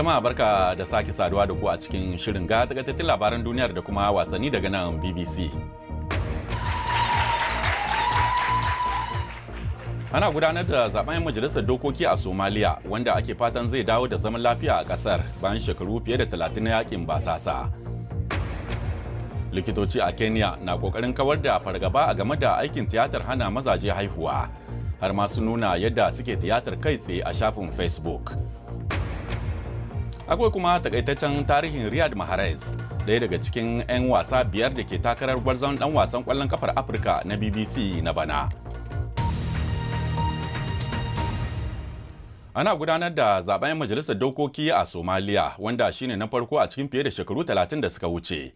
Jama'a barka da sake saduwa da ku a cikin shirin ga takaitattun labaran duniyar da kuma wasanni daga nan BBC. Ana gudanar da zaben 'yan majalisar dokoki a Somalia wanda ake fatan zai dawo da zaman lafiya a kasar bayan shekaru fiye da 30 na yakin basasa. Likitoci a Kenya na kokarin kawar da fargaba a game da aikin tiyatar hana mazaje haihuwa har ma su nuna yadda suke tiyatar kai tsaye a shafin Facebook. akwai kuma takaitaccen tarihin riyad mahrez ɗaya daga cikin 'yan wasa biyar da ke takarar gwarzon ɗan wasan ƙwallon kafar afirka na bbc na bana ana gudanar da zaben majalisar dokoki a somaliya wanda shine na farko a cikin fiye da shekaru 30 da suka wuce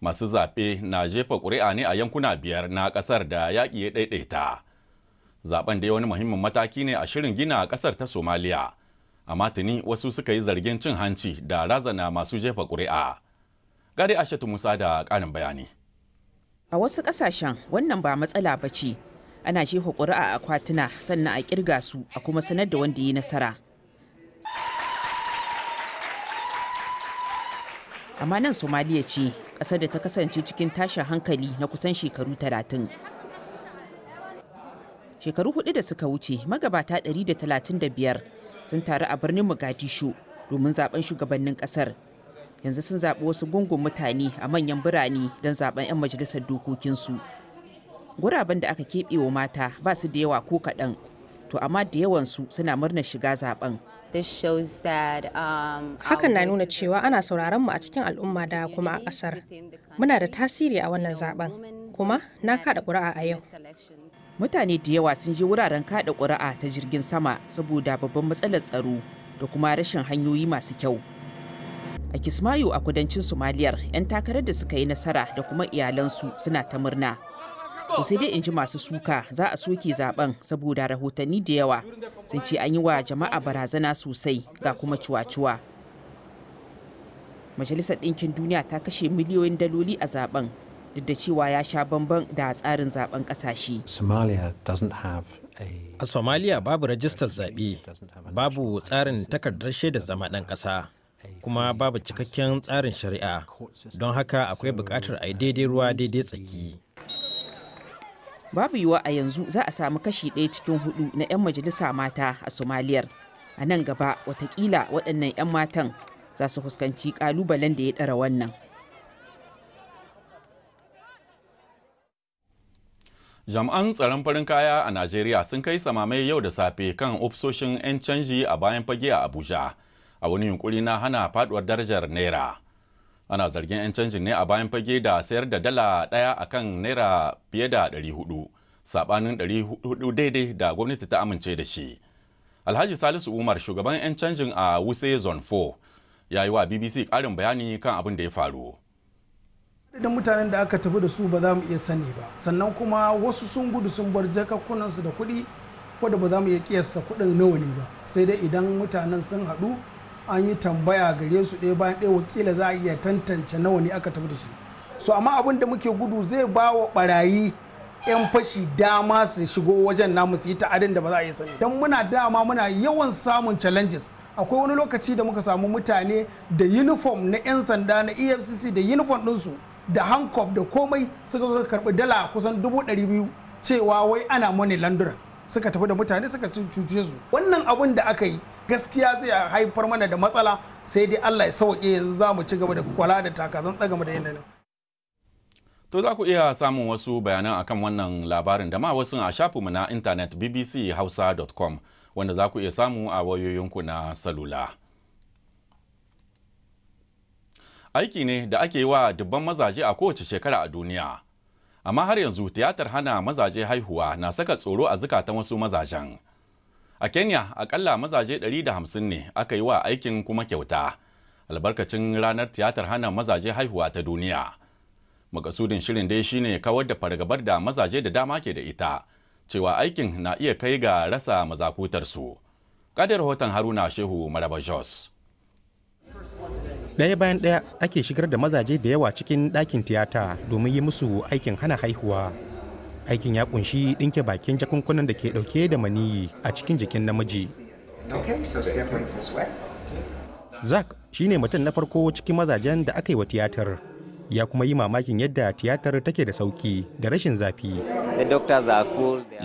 masu zaɓe na jefa ƙuri'a ne a yankuna biyar na ƙasar da yaƙi ya ɗaiɗaita zaben dai wani muhimmin mataki ne a shirin gina ƙasar ta somaliya amma tuni wasu suka yi zargin cin hanci da razana masu jefa ƙuri'a gari ashatu musa da ƙarin bayani a wasu ƙasashen wannan ba matsala ba ce ana jefa ƙuri'a a akwatuna sannan a ƙirga su a kuma sanar da wanda ya nasara amma nan somaliya ce ƙasar da ta kasance cikin tashin hankali na kusan shekaru talatin shekaru hudu da suka wuce magabata 135 sun taru a birnin mogadishu domin zaben shugabannin kasar yanzu sun zaɓi wasu gungun mutane a manyan birane don zaben 'yan majalisar dokokinsu guraben da aka keɓe wa mata ba su da yawa ko kaɗan to amma da yawansu suna murnar shiga zaben. Um, Hakan na nuna cewa ana sauraron mu a cikin al'umma da kuma a ƙasar. Muna da tasiri a wannan zaben. kuma na kada ƙuri'a a yau. Mutane da yawa sun je wuraren kada ƙuri'a ta jirgin sama saboda babban matsalar tsaro da kuma rashin hanyoyi masu kyau. A Kismayo a kudancin Somaliyar 'yan takarar da suka yi nasara da kuma iyalansu suna ta murna. To sai dai in ji masu suka za a soke zaben saboda rahotanni da yawa sun ce an yi wa jama'a barazana sosai ga kuma cuwa-cuwa. Majalisar Ɗinkin Duniya ta kashe miliyoyin daloli a zaben duk da cewa ya sha bamban da tsarin zaben kasashe. a Somalia babu rajistar zaɓe, babu tsarin takardar shaidar zama ɗan ƙasa, kuma babu cikakken tsarin shari'a, don haka akwai buƙatar a yi daidai ruwa daidai tsaki. Babu yiwa a yanzu za a samu kashi ɗaya cikin hudu na 'yan majalisa mata a Somaliyar. A nan gaba, watakila waɗannan 'yan matan za su fuskanci ƙalubalen da ya ɗara wannan. Jami'an tsaron farin kaya a Najeriya sun kai samamai yau da safe kan ofisoshin 'yan canji a bayan fage a Abuja a wani yunkuri na hana faduwar darajar Naira. Ana zargin 'yan canjin ne a bayan fage da sayar da dala ɗaya a kan Naira fiye da 400, saɓanin 400 daidai da gwamnati ta amince da shi. Alhaji Salisu Umar shugaban 'yan canjin a Wuse Zone 4 ya yi wa BBC ƙarin bayani kan abin da ya faru. da mutanen da aka tafi da su ba za mu iya sani ba sannan kuma wasu sun gudu sun bar jakakkunansu da kuɗi wadda ba za mu iya kiyasta kuɗin nawa ne ba sai dai idan mutanen sun haɗu an yi tambaya gare su ɗaya bayan ɗaya wakila za a iya tantance nawa ne aka tafi da shi so amma abin da muke gudu zai ba wa ɓarayi 'yan fashi dama su shigo wajen namu su yi ta'adin da ba za a iya sani don muna dama muna yawan samun challenges akwai wani lokaci da muka samu mutane da uniform na 'yan sanda na efcc da uniform ɗinsu da hankof da komai suka karɓi dala kusan dubu ɗari biyu cewa wai ana mone laundering suka tafi da mutane suka cuce su wannan abun da aka yi gaskiya zai haifar mana da matsala sai dai Allah ya sauke yanzu za mu ci gaba da kwala da takazan tsagama da yanayin To za ku iya samun wasu bayanan akan wannan labarin da ma wasu a shafinmu na intanet bbc bbchausa.com wanda za ku iya samu a wayoyinku na salula. aiki ne da ake yi wa dubban mazaje a kowace shekara a duniya amma har yanzu tiyatar hana mazaje haihuwa na saka tsoro a zukatan wasu mazajen a kenya akalla mazaje 150 ne aka yi wa aikin kuma kyauta albarkacin ranar tiyatar hana mazaje haihuwa ta duniya makasudin shirin dai shine kawar da fargabar da mazaje da dama ke da ita cewa aikin na iya kai ga rasa mazakutarsu kadar rahoton haruna shehu maraba jos daya bayan daya ake shigar da mazaje da yawa cikin ɗakin tiyata domin yi musu aikin hana haihuwa aikin ya kunshi ɗinke bakin jakunkunan da ke ɗauke da maniyi a cikin jikin namiji zak shine mutum na farko cikin mazajen da aka yi wa tiyatar ya kuma yi mamakin yadda tiyatar take da sauki da rashin zafi.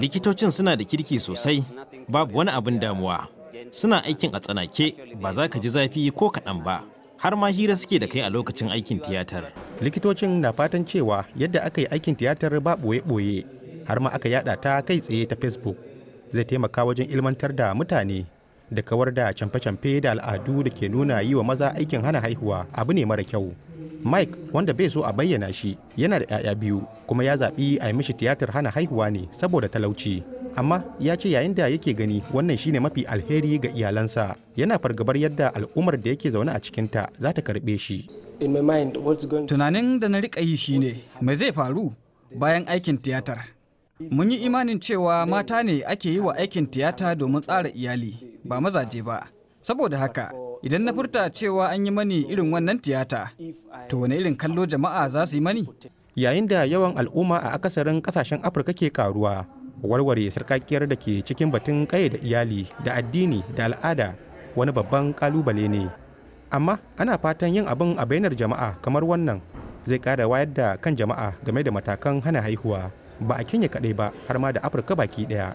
Likitocin suna da kirki sosai, babu wani abin damuwa. Suna aikin a tsanake, ba za ka ji zafi ko kaɗan ba. har ma hira suke da kai a lokacin aikin tiyatar. Likitocin na fatan cewa yadda aka yi aikin tiyatar ba ɓoye-ɓoye har ma aka yada ta kai tsaye ta Facebook zai taimaka wajen ilmantar da mutane da kawar da camfe-camfe da al'adu da ke nuna yi wa maza aikin hana haihuwa abu ne mara kyau. Mike wanda bai so a bayyana shi yana da 'ya'ya biyu kuma ya zaɓi a yi mishi tiyatar hana haihuwa ne saboda talauci. amma ya ce yayin da yake gani wannan shine mafi alheri ga iyalansa yana fargabar yadda al'ummar da yake zaune a cikinta za ta karɓe shi tunanin da na rika yi shine mai zai faru bayan aikin tiyatar mun yi imanin cewa mata ne ake yi wa aikin tiyata domin tsara iyali ba mazaje ba saboda haka idan na furta cewa an yi mani irin wannan tiyata to wani irin kallo jama'a za su yi mani yayin da yawan al'umma a akasarin kasashen afirka ke karuwa warware sarkakiyar da ke cikin batun da iyali da addini da al'ada wani babban kalubale ne amma ana fatan yin abin a bainar jama'a kamar wannan zai kara wayar da kan jama'a game da matakan hana haihuwa ba a kenya kaɗai ba har ma da afirka baki ɗaya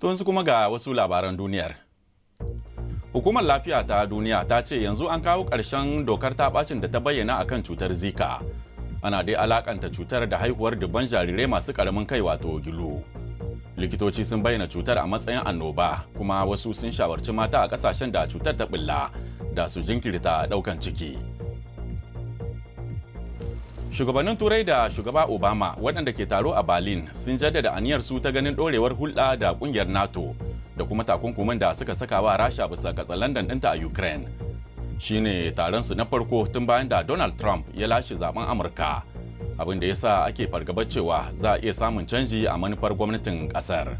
to kuma ga wasu labaran duniyar Hukumar Lafiya ta Duniya ta ce yanzu an kawo ƙarshen dokar ta bacin da ta bayyana akan cutar Zika. ana dai alakanta cutar da haihuwar dubban jarirai masu karamin kai wato gilo likitoci sun bayyana cutar a matsayin annoba kuma wasu sun shawarci mata a kasashen da cutar ta bulla da su jinkirta daukan ciki shugabannin turai da shugaba obama waɗanda ke taro a berlin sun jaddada aniyar su ta ganin ɗorewar hulɗa da ƙungiyar nato da kuma takunkumin da suka saka wa rasha bisa katsalandan ɗinta a ukraine shine su na farko tun bayan da donald trump ya lashe zaben amurka abin da ya sa ake fargabar cewa za a iya samun canji a manufar gwamnatin kasar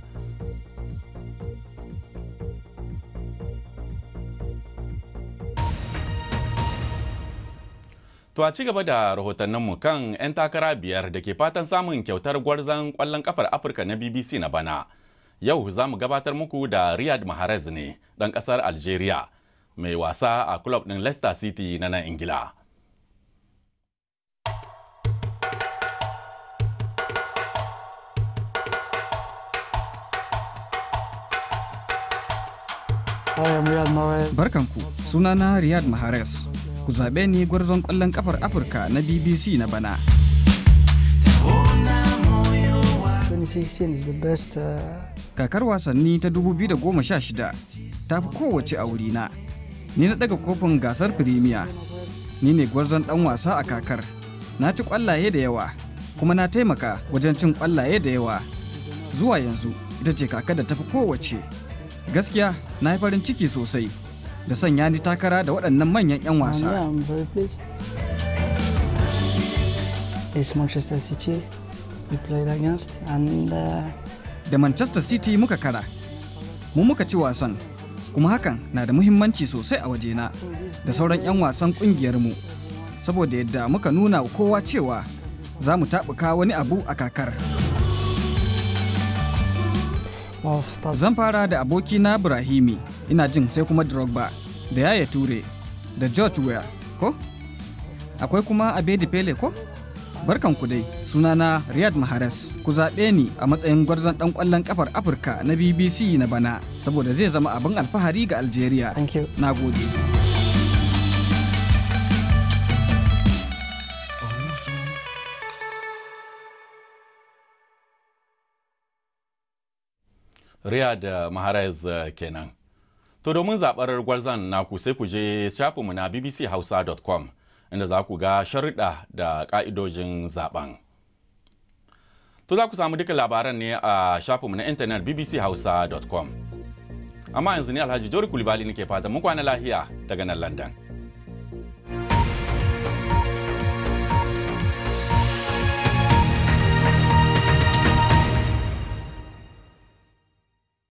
To a ci gaba da rahotanninmu kan 'yan takara biyar da ke fatan samun kyautar gwarzon kwallon kafar Afirka na BBC na bana. Yau za mu gabatar muku da Riyad Mahrez ne, dan kasar Algeria, mai wasa a club ɗin Leicester City na nan Ingila. Barkanku, sunana Riyad Mahrez. Ku zaɓe ni gwarzon ƙwallon ƙafar Afirka na BBC na bana. Kakar wasanni ta 2016 ta fi kowace a wurina. ni na daga kofin gasar firimiya ni ne gwarzon dan wasa a kakar na ci kwallaye da yawa kuma na taimaka wajen cin kwallaye da yawa zuwa yanzu ita ce kaka da tafi kowace gaskiya na yi farin ciki sosai da sanya ni takara da waɗannan manyan 'yan wasa uh, da manchester city muka kara mu muka ci wasan kuma hakan na da muhimmanci sosai a wajena da sauran 'yan wasan mu saboda yadda muka nuna kowa cewa za mu taɓuka wani abu a kakar zan fara da abokina Ibrahimi ina jin sai kuma drogba da yaya ture da george weah ko akwai kuma abedi pele ko barkan ku dai, sunana Riyad Maharas. Ku zaɓe ni a matsayin gwarzon ɗan ƙwallon ƙafar Afirka na BBC na bana, saboda zai zama abin alfahari ga Algeria. Na gode. Riyad mahrez kenan. To domin zaɓar gwarzon naku sai ku je shafinmu na bbchausa.com. inda za ku ga sharuɗa da ƙa'idojin zaben. To za ku samu duka labaran ne a shafinmu na intanet bbchausa.com. Amma yanzu ne Alhaji Jori Kulibali nake fatan mun kwana lahiya daga nan London.